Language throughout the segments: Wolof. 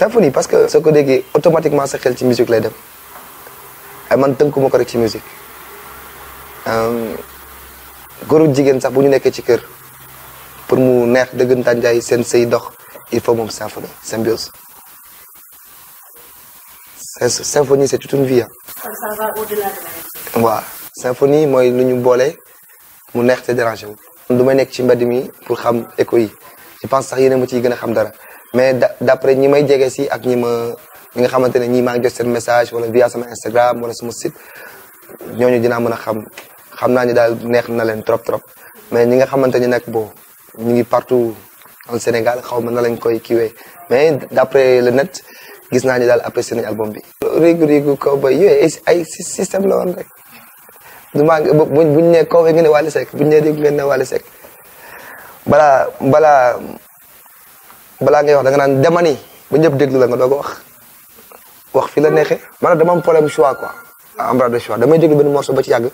symphonie parce que soo ko déggee automatiquement sa xel ci musique lay dem ay man tënkuma ko rek ci musique góoru jigéen sax bu ñu nekkee ci kër pour mu neex dëggantaan njaay seen sëy dox il faut moom symphonie symbiose symphonie c'est toute une vie waaw symphonie mooy lu ñu boole mu neex te déranger wu du may nekk ci mbedd mi pour xam écho yi je pense sax yéen a ma gën a xam dara mais d'après ñi may jege si ak ñi ma ñi nga xamante ne ñii maa ngi jot seen message wala via sama Instagram wala sama site ñooñu dinaa mën a xam xam naa ñu daal neex na leen trop trop mais ñi nga xamante ni nag bon ñu ngi partout en Sénégal xaw ma na lañ koy kiiwee mais d'après le net gis naa ñu daal apprécié nañu album bi. riigu riigu kaw ba yooyu ay système la woon rek du maa bu buñ nee kaw nga ne Wally Seck buñ nee riigu nga ne Wally Seck balaa balaa ngay wax da nga naan demani ba ñëpp déglu la nga doog a wax wax fi la neexee maanaam dama am problème choix quoi ah, am problème de choix damay déglu benn morceau ba ci yàgg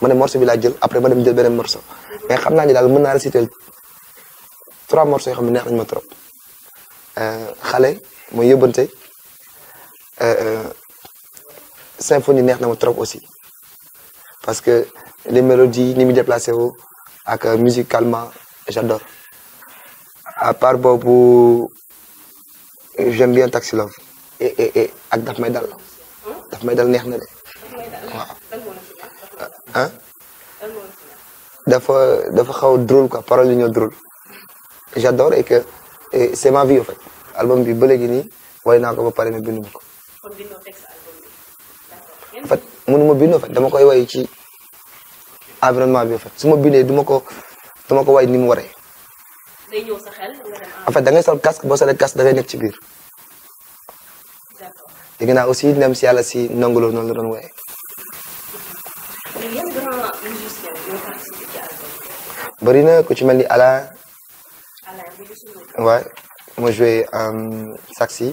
ma ne morceau bi laa jël après ma dem jël beneen morceau mais xam naa ni daal mën naa réciter trois morceaux yoo xam neex nañu ma trop euh, xale mooy yóbbante euh, euh, symphonie neex na ma trop aussi parce que les mélodies ni mu déplacé wu ak musicalement j'adore à part boobu j'aime bien Taxi Love ak daf may dal daf may dal neex na de waaw ah dafa dafa xaw drôle quoi paroles yi ñoo drôle j'adore et que c'est ma vie en album bi ba léegi nii way naa ko ba pare mais bindu ma ko en fait mënuma bindu en fait dama koy way ci environnement bi en fait su ma bindee du ma ko du ma ko way ni mu waree day ñëw sa en fait da ngay sol casque boo solee casque da nekk ci biir. d'accord dégg naa aussi ndem si yàlla si nangu loolu noonu na ku ci mel ni Alain. waaw mu joué euh, saxi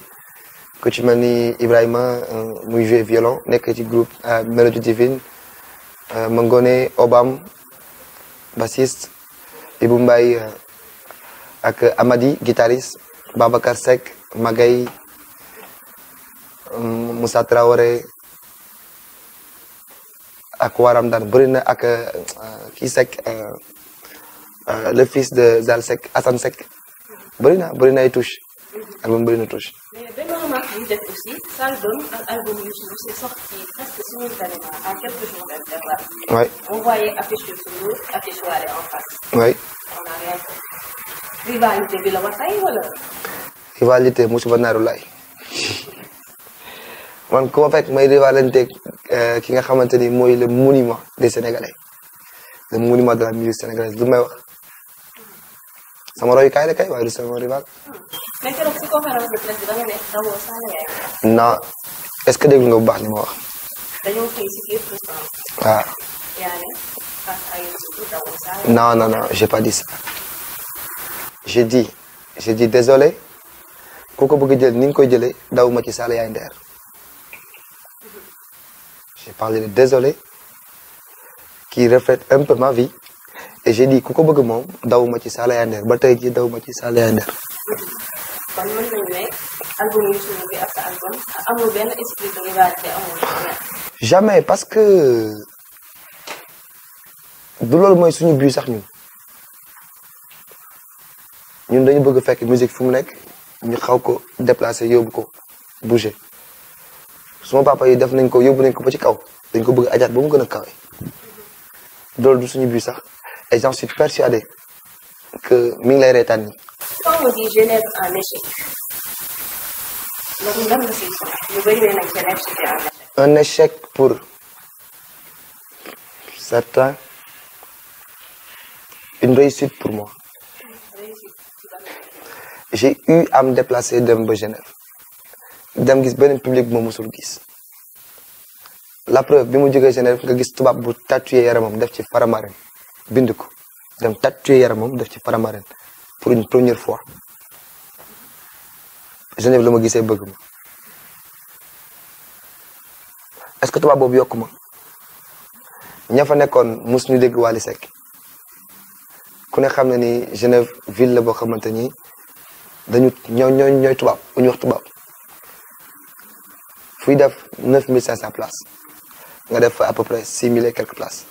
ku ci mel ni Ibrahima euh, muy joué violon nekk ci groupe euh, Mélodie Divine Mangone Obam bassiste Ibou Mbaye ak Amady guitariste Babacar Seck Magay mm, Moussa Traoré ak waram daan na ak euh, ki Seck euh, euh, le fils de Zal Seck Assane Seck bëri na bëri na album bëri na touche. rivalité bi la war a rey wala. rivalité musiba naaru eh, ki nga xamante ni mooy le monument des sénégalais le monument de la musique sénégalaise lu may wax sama roy kaay la kay waaye rival. non est-ce que déglu nga baax li ma wax. Ah. non non j'ai pas dit ça. j'ai dit j'ai dit désolé ku ko bëgg jël ni koy jëlee daw ma ci saala yaay ndeer j'ai parlé de désolé qui reflète un peu ma vie et j'ai ku ko bëgg moom daw ma ci saala yaay ndeer ba tey ji daw ma ci saala yaay ndeer jamais parce que du loolu mooy suñu but sax ñun ñun dañu bëgg fekk musique fu mu nekk ñu xaw ko déplacer yóbbu ko bouger suma papa yi def nañ ko yóbbu nañ ko ba ci kaw dañ ko bëgg ajaat ba mu gën a kawe loolu du suñu biir sax et j'en suis persuadé que mi ngi lay reetaan nii. quand on dit jeunesse en échec loolu un échec pour certains une réussite pour moi. j'ai am à dem ba Genève dem gis beneen public bu ma mosul gis la preuve bi mu jógee Genève nga gis tubaab bu tatoué yaramam def ci faramarin bind ko dem tatoué yaramam def ci faramarin pour une première fois Genève la ma gisee bëgg ma est-ce que tubaab boobu yokku ma ña fa nekkoon mosuñu dégg Wally Seck ku ne xam ne ni Genève ville la boo xamante ni dañu ñoo ñooy ñooy tubaab bu ñu wax tubaab fuy def neuf mille cinq cent place nga def à peu près six mille et quelques places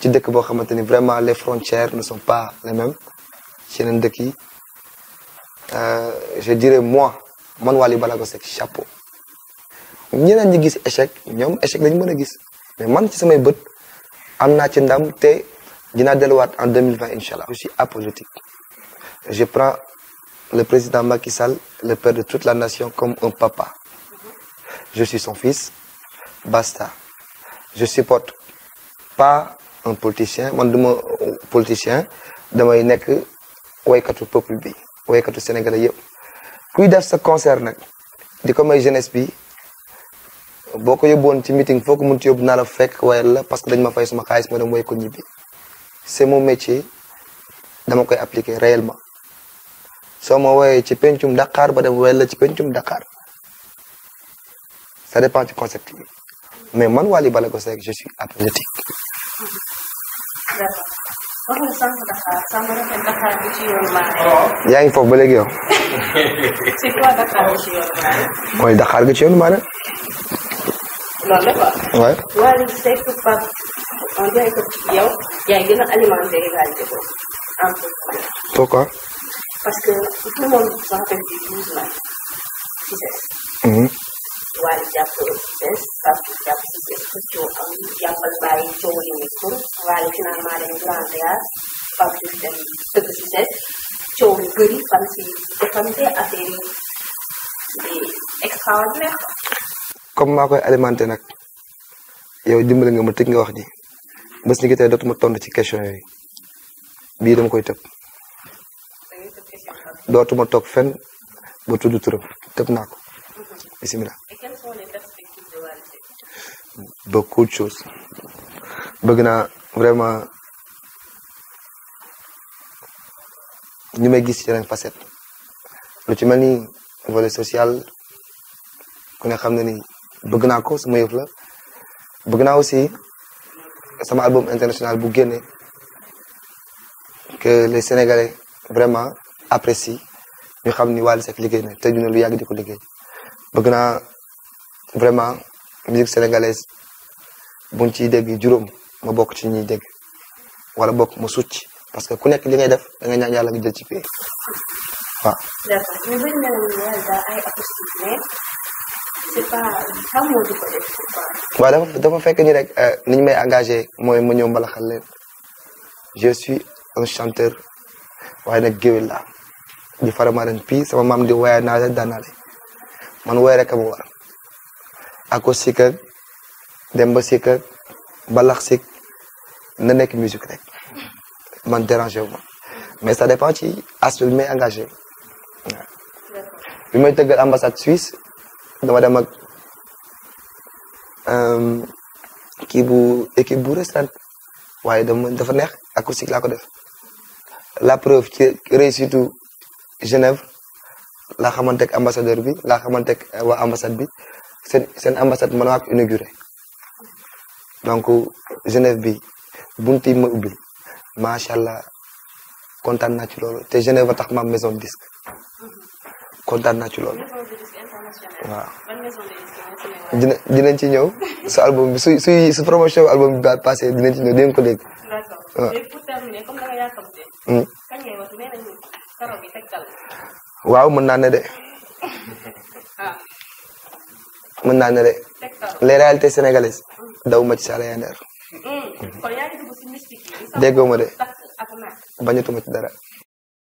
ci dëkk boo xamante ni vraiment les frontières ne sont pas les mêmes ci yeneen dëkk yi euh, je dirais moi man Wally Ballago Seck chapeau ñeneen ñi gis échec ñoom échec lañu mën a gis mais man ci samay bët am naa ci ndam te dinaa delluwaat en deux mille vingt apolitique je prends le président Macky Sall, le père de toute la nation, comme un papa. Je suis son fils, basta. Je supporte pa un politicien man duma politicien damay nekk waykatu peuple bi waykatu sénégalais yëpp kuy def sa concert nag di ko may jeunesse bi boo ko yóbboon ci meeting foo ko mun ci yóbbu naa la fekk wayal la parce que dañ ma fay suma xaalis ma dem way ko ñibbi c'est mon métier dama koy appliquer réellement soo ma wooyee ci pencum Dakar ba def wella ci pencum Dakar ça dépend ci mais man Wally Ballago Seck je suis athlétique. yaa ngi foofu ba léegi yow. c'est Dakar bi ci yoonu maanaam. mooy waaye. Wally Seck Pape on dirait que yow yaa ngi gën a alimenté rivalité pourquoi. parce que tout le monde se mhm. comme maa koy alimenté nag yow dimbali nga ma tëj nga wax ji bés ni ki tey dootuma ci question yooyu bii dama koy tëb. dootuma toog fen ba tudd turam tëb naa ko bisimilah. et bëgg naa vraiment ñu may gis yeneen facette lu ci mel ni volet social ku ne xam na ni bëgg naa ko sama bëgg naa aussi sama album international bu génne que les vraiment. après si ñu xam ni Wally Seck liggéey na te dina lu yàgg di ko liggéey naa vraiment musique sénégalaise buñ ciy dégg juróom ma bokk ci ñuy dégg wala bokk ma succ parce que ku nekk li ngay def da nga ñaan yàlla nga jël ci pay waaw. waaw dafa dafa ni rek euh, ni ñu may engagé mooy ma ñëw mbalaxal leen je suis un chanteur waaye nag géwél laa di Faramareen fii sama maam di waaye naa leen daan naa leen man woy rek ma war ak ko dem ba sikk ak balax na nekk musique rek man déranger wu ma mais ça dépend ci aspect bi engagé waaw. bi may tëggal ambassade Suisse dama dem ak euh, kii bu équipe bu restante waaye dama dafa neex acoustique laa ko def la preuve ci réussite Genève laa xamante ak ambassadeur bi laa xamante ak eh, waa ambassade bi seen seen ambassade mën inauguré donc Genève bi bunt yi ma ubbil macha allah kontaan naa ci loolu te Genève a tax ma am maison disque kontaan naa ci loolu. waaw dina dinañ ci ñëw su album bi su su su promotion album bi passé dinañ ci ñëw dinañ ko dégg. waaw mën naa ne de mën naa ne de les réalités sénégalaises daw ma ci saala yandeer déggoo ma de bañatuma ci dara